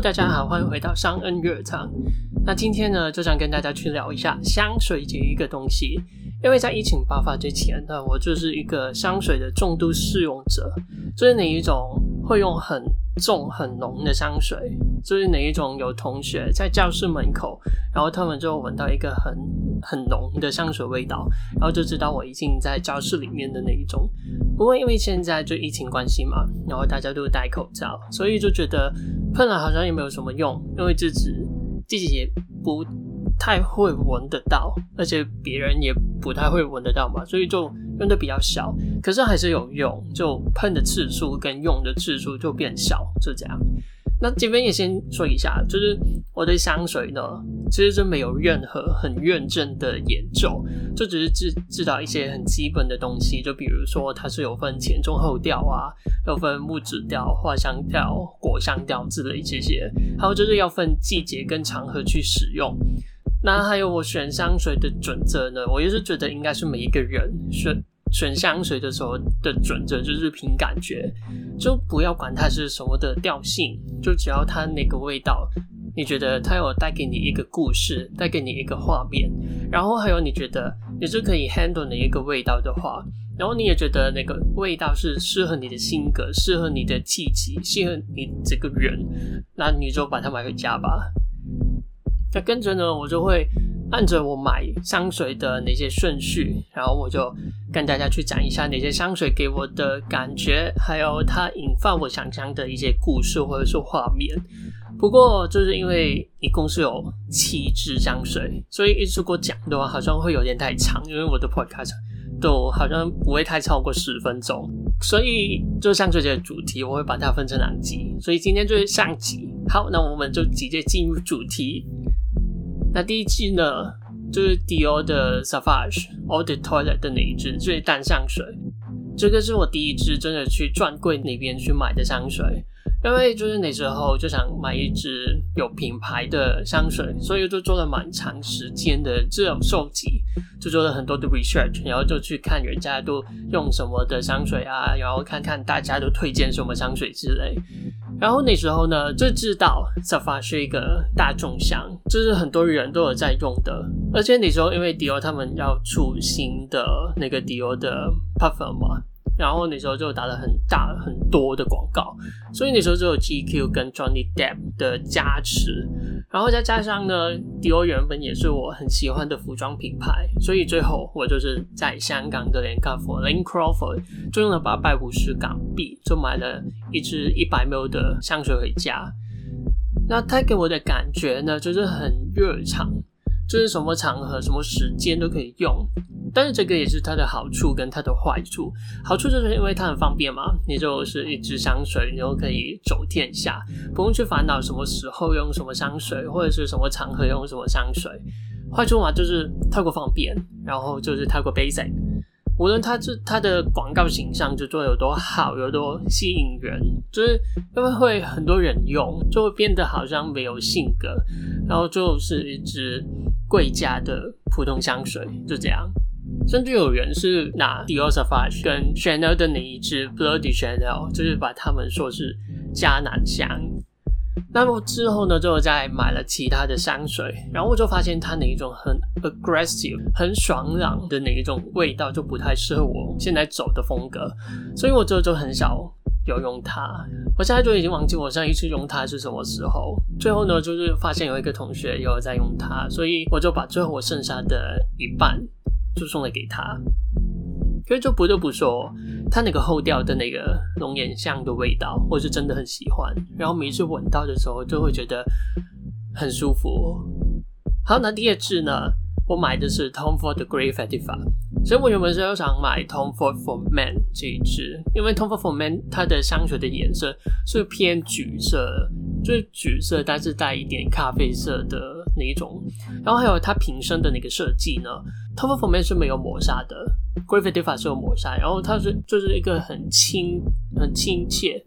大家好，歡迎回到 Sean Station。那今天呢，就想跟大家去聊一下香水這一個東西。因為在疫情爆發之前呢，我就是一個香水的重度使用者，就是那一種會用很。種很濃的香水，就是哪一種？有同學在教室門口，然後他們就聞到一個很很濃的香水味道，然後就知道我已經在教室裡面的那一種。不過因為現在就疫情關係嘛，然後大家都戴口罩，所以就覺得噴了好像也沒有什麼用，因為自己自己也不。太會聞得到，而且別人也不太會聞得到嘛，所以就用的比較少。可是還是有用，就噴的次數跟用的次數就變少，就這樣。那這邊也先說一下，就是我對香水呢，其實就沒有任何很認真的研究，就只是知知道一些很基本的東西，就比如說它是有分前中後調啊，有分木質調、花香調、果香調之類這些，還有就是要分季節跟場合去使用。那還有我選香水的準則呢？我也是覺得應該是每一個人選選香水的時候的準則就是憑感覺，就不要管它是什麼的調性，就只要它那個味道，你覺得它有帶給你一個故事，帶給你一個畫面，然後還有你覺得你是可以 handle 的一個味道的話，然後你也覺得那個味道是適合你的性格，適合你的氣息，適合你這個人，那你就把它買回家吧。那跟着呢，我就會按着我買香水的那些順序，然後我就跟大家去講一下哪些香水給我的感覺，還有它引發我想象的一些故事或者是畫面。不過就是因為一共是有七支香水，所以一直給我講的話好像會有點太長，因為我的 Podcast 都好像不會太超過十分鐘，所以就香水節的主題我會把它分成兩集，所以今天就是上集。好，那我們就直接進入主題。那第一支呢，就是 Dior 的 Sauvage Eau de Toilette 的那一支，就是淡香水。這個是我第一支真的去專櫃那邊去買的香水，因為就是那時候就想買一支有品牌的香水，所以就做了蠻長時間的這種收集，就做了很多的 research，然後就去看人家都用什麼的香水啊，然後看看大家都推薦什麼香水之類。然後那時候呢，就知道 Sauvage 是一個大眾香，就是很多人都有在用的。而且那時候因為 Dior 他們要出新的那個 Dior 的 Parfum 嘛。然後那時候就打了很大很多的廣告，所以那時候只有 GQ 跟 Johnny Depp 的加持，然後再加上呢，Dior 原本也是我很喜歡的服裝品牌，所以最後我就是在香港的連卡佛 Lane Crawford 就用了八百五十港幣，就買了一支一百 ml 的香水回家。那它給我的感覺呢，就是很日常，就是什麼場合、什麼時間都可以用。但是這個也是它的好處跟它的壞處。好處就是因為它很方便嘛，你就是一支香水，你就可以走天下，不用去煩惱什麼時候用什麼香水，或者是什麼場合用什麼香水。壞處嘛就是太過方便，然後就是太過 basic。無論它這它的廣告形象就做得有多好，有多吸引人，就是因為會很多人用，就會變得好像沒有性格，然後最後是一支貴價的普通香水，就這樣。甚至有人是拿 Dior Sauvage 跟 Chanel 的那一支 Bleu de Chanel，就是把他們說是加南香。那麼之後呢，就再買了其他的香水，然後我就發現它那一種很 aggressive、很爽朗的那一種味道，就不太適合我現在走的風格，所以我之後就很少有用它。我現在就已經忘記我上一次用它是什麼時候。最後呢，就是發現有一個同學有在用它，所以我就把最後我剩下的一半，就送了給他，所以就不得不說它那個後調的那個龍眼香的味道，我是真的很喜歡。然後每一次聞到的時候，就會覺得很舒服。好，那第二支呢，我買的是 Tom Ford 的 Grey Vetiver，所以我原本是要想買 Tom Ford for Man 這一支，因為 Tom Ford for Man 它的香水的顏色是偏橘色，就是橘色，但是帶一點咖啡色的那種。然後還有它瓶身的那個設計呢。它封面是沒有磨砂的，Grey Vetiver 是有磨砂，然後它是就是一個很清、很親切、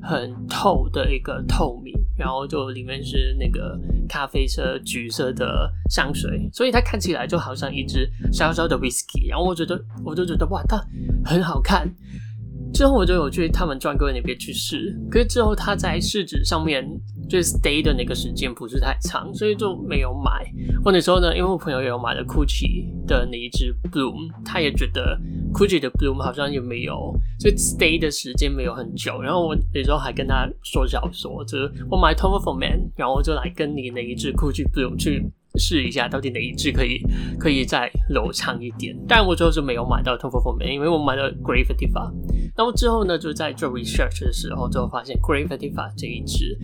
很透的一個透明，然後就裡面是那個咖啡色、橘色的香水，所以它看起來就好像一支小小的 whisky，然後我覺得，我就覺得哇，它很好看。之後我就有去他們專櫃那邊去試，可是之後他在試紙上面就 stay 的那個時間不是太長，所以就沒有買。我那時候呢，因為我朋友也有買了 Gucci 的那一隻 Bloom，他也覺得 Gucci 的 Bloom 好像也沒有，所以 stay 的時間沒有很久。然後我那時候還跟他說笑說，就是我買 Tom Ford Man，然後我就來跟你那一隻 Gucci Bloom 去。試一下到底哪一支可以可以再柔暢一點，但我最後是沒有買到 Tom Ford for Men，因為我買了 Grey Vetiver。那麼之後呢，就在做 research 的時候，就發現 Grey Vetiver 這一支，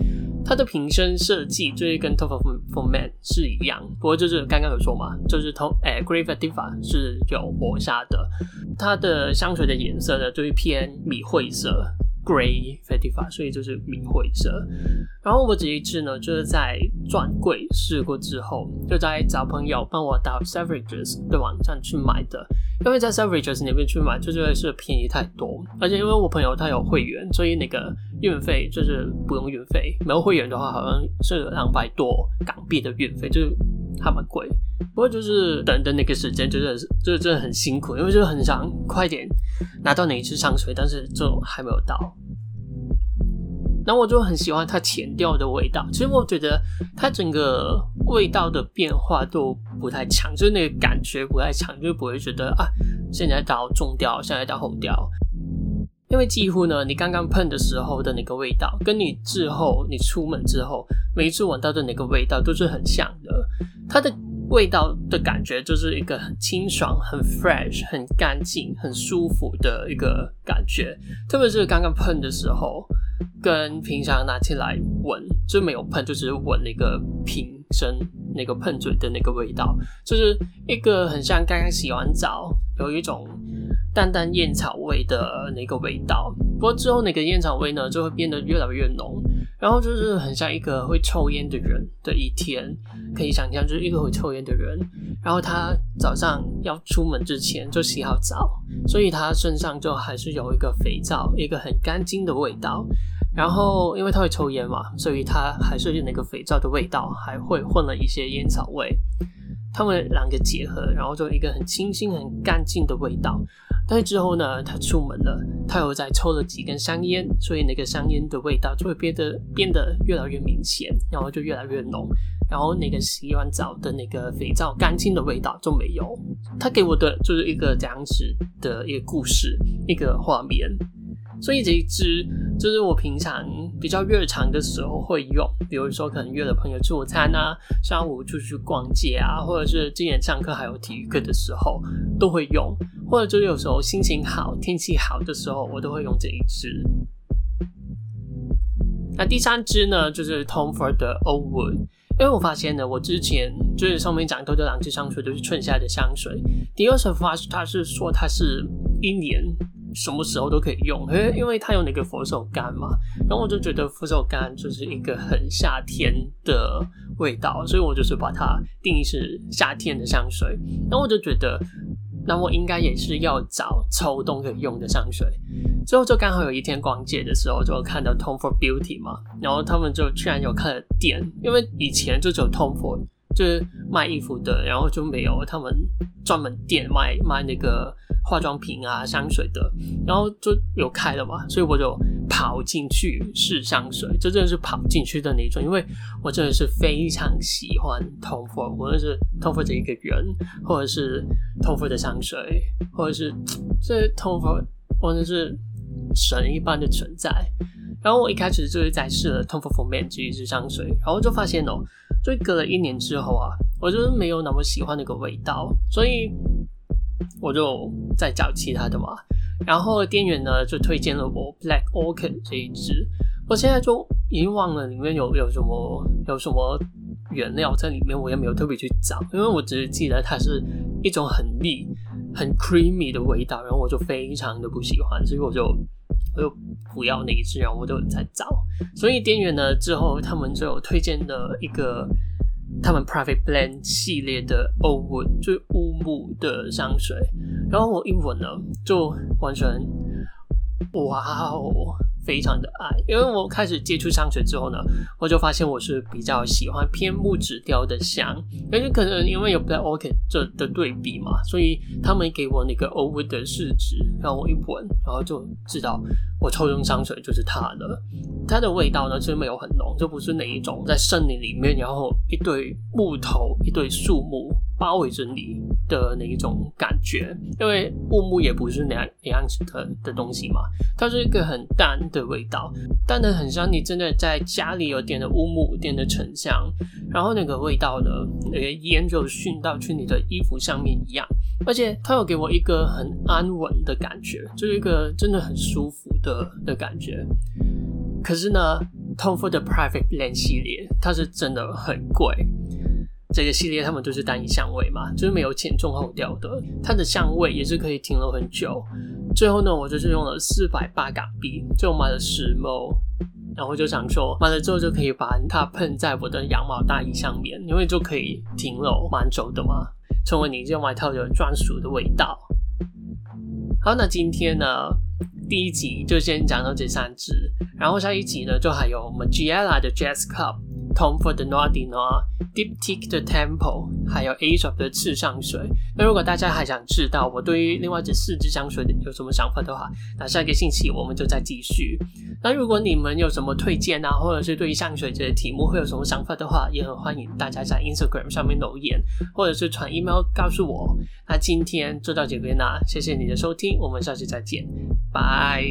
它的瓶身設計就會跟 Tom Ford for Men 是一樣，不過就是剛剛有說嘛，就是同、欸，誒 Grey Vetiver 是有磨砂的，它的香水的顏色呢，就會、是、偏米灰色。Grey Vetiver，所以就是米灰色。然後我這一次呢，就是在專櫃試過之後，就在找朋友幫我到 Savages 的網站去買的，因為在 Savages 那邊去買就覺會是便宜太多，而且因為我朋友他有會員，所以那個運費就是不用運費。沒有會員的話，好像是兩百多港幣的運費就是。還蠻貴，不過就是等的那個時間，就是就是真的很辛苦，因為就是很想快點拿到哪一支香水，但是就還沒有到。那我就很喜歡它前調的味道，其實我覺得它整個味道的變化都不太強，就是那個感覺不太強，就不會覺得啊，現在到中調，現在到後調，因為幾乎呢，你剛剛噴的時候的那個味道，跟你之後你出門之後每一次聞到的那個味道都是很像的。它的味道的感覺就是一個很清爽、很 fresh、很乾淨、很舒服的一個感覺，特別是剛剛噴的時候，跟平常拿起來聞就沒有噴，就只是聞那個瓶身、那個噴嘴的那個味道，就是一個很像剛剛洗完澡，有一種淡淡煙草味的那個味道。不過之後那個煙草味呢，就會變得越來越濃。然後就是很像一個會抽煙的人的一天，可以想象就是一個會抽煙的人，然後他早上要出門之前就洗好澡，所以他身上就還是有一個肥皂、一個很乾淨的味道，然後因為他會抽煙嘛，所以他還是有那個肥皂的味道，還會混了一些煙草味，他們兩個結合，然後就一個很清新、很乾淨的味道。但是之後呢，他出門了，他又在抽了幾根香煙，所以那個香煙的味道就會變得變得越來越明顯，然後就越來越濃，然後那個洗完澡的那個肥皂乾淨的味道就沒有。他給我的就是一個這樣子的一個故事，一個畫面。所以這一支就是我平常。比較日常的時候會用，比如說可能約了朋友吃午餐啊，上午出去逛街啊，或者是今天上課還有體育課的時候都會用，或者就是有時候心情好、天氣好的時候，我都會用這一支。那第三支呢，就是 Tom Ford 的 Oud Wood，因為我發現呢，我之前就是上面講到，的兩支香水都是春夏的香水，第二首發是它是說它是一年。什麼時候都可以用，欸，因為，因為它有那個佛手柑嘛，然後我就覺得佛手柑就是一個很夏天的味道，所以我就是把它定義是夏天的香水。然後我就覺得，那我應該也是要找秋冬可以用的香水。最後就剛好有一天逛街的時候，就看到 Tom Ford Beauty 嘛，然後他們就居然有開了店，因為以前就只有 Tom Ford。就是賣衣服的，然後就沒有他們專門店賣賣那個化妝品啊、香水的，然後就有開了嘛，所以我就跑進去試香水，這真的是跑進去的那種，因為我真的是非常喜歡 Tom Ford，無論是 Tom Ford 的一個人，或者是 Tom Ford 的香水，或者是這 Tom Ford 或者是神一般的存在。然後我一開始就是在試了 Tom Ford for Men 一支香水，然後就發現哦、喔。所以隔了一年之後啊，我就沒有那麼喜歡那個味道，所以我就再找其他的嘛。然後店員呢就推薦了我 Black Orchid 這一支，我現在就已經忘了裡面有有什麼有什麼原料在裡面，我也沒有特別去找，因為我只是記得它是一種很膩、很 creamy 的味道，然後我就非常的不喜歡，所以我就。我又不要那一支，然後我就在找，所以店員呢之後，他們就有推薦的一個他們 Private Blend 系列的 Oud Wood，就是烏木的香水，然後我一聞呢，就完全，哇哦！非常的愛，因為我開始接觸香水之後呢，我就發現我是比較喜歡偏木質調的香。而且可能因為有 Black Orchid 這的對比嘛，所以他們給我那個 Oud 的試紙，讓我一聞，然後就知道我抽中香水就是它了。它的味道呢是沒有很濃，就不是那一種在森林裡面，然後一堆木頭、一堆樹木。包圍着你的那一種感覺，因為烏木也不是那樣子的的東西嘛，它是一個很淡的味道，淡的很像你真的在家裡有點的烏木，點的沉香，然後那個味道呢，那個煙就燻到去你的衣服上面一樣，而且它又給我一個很安穩的感覺，就是一個真的很舒服的的感覺。可是呢，Tom Ford 的 Private Blend 系列，它是真的很貴。這個系列他們都是單一香味嘛，就是沒有前中後調的，它的香味也是可以停留很久。最後呢，我就是用了四百八港幣，最後買了 10ml，然後就想說，買了之後就可以把它噴在我的羊毛大衣上面，因為就可以停留蠻久的嘛，成為你這件外套的專屬的味道。好，那今天呢，第一集就先講到這三支，然後下一集呢，就還有我們 Margiela 的 Jazz Club。《Tom Ford 的 Noir de Noir》、《Diptyque 的 Tempo》還有《Aesop 的熾香水》。那如果大家還想知道我對於另外這四支香水有什麼想法的話，那下一個星期我們就再繼續。那如果你們有什麼推薦啊，或者是對於香水這個題目會有什麼想法的話，也很歡迎大家在 Instagram 上面留言，或者是傳 email 告訴我。那今天就到這邊啦，啊，謝謝你的收聽，我們下期再見，拜。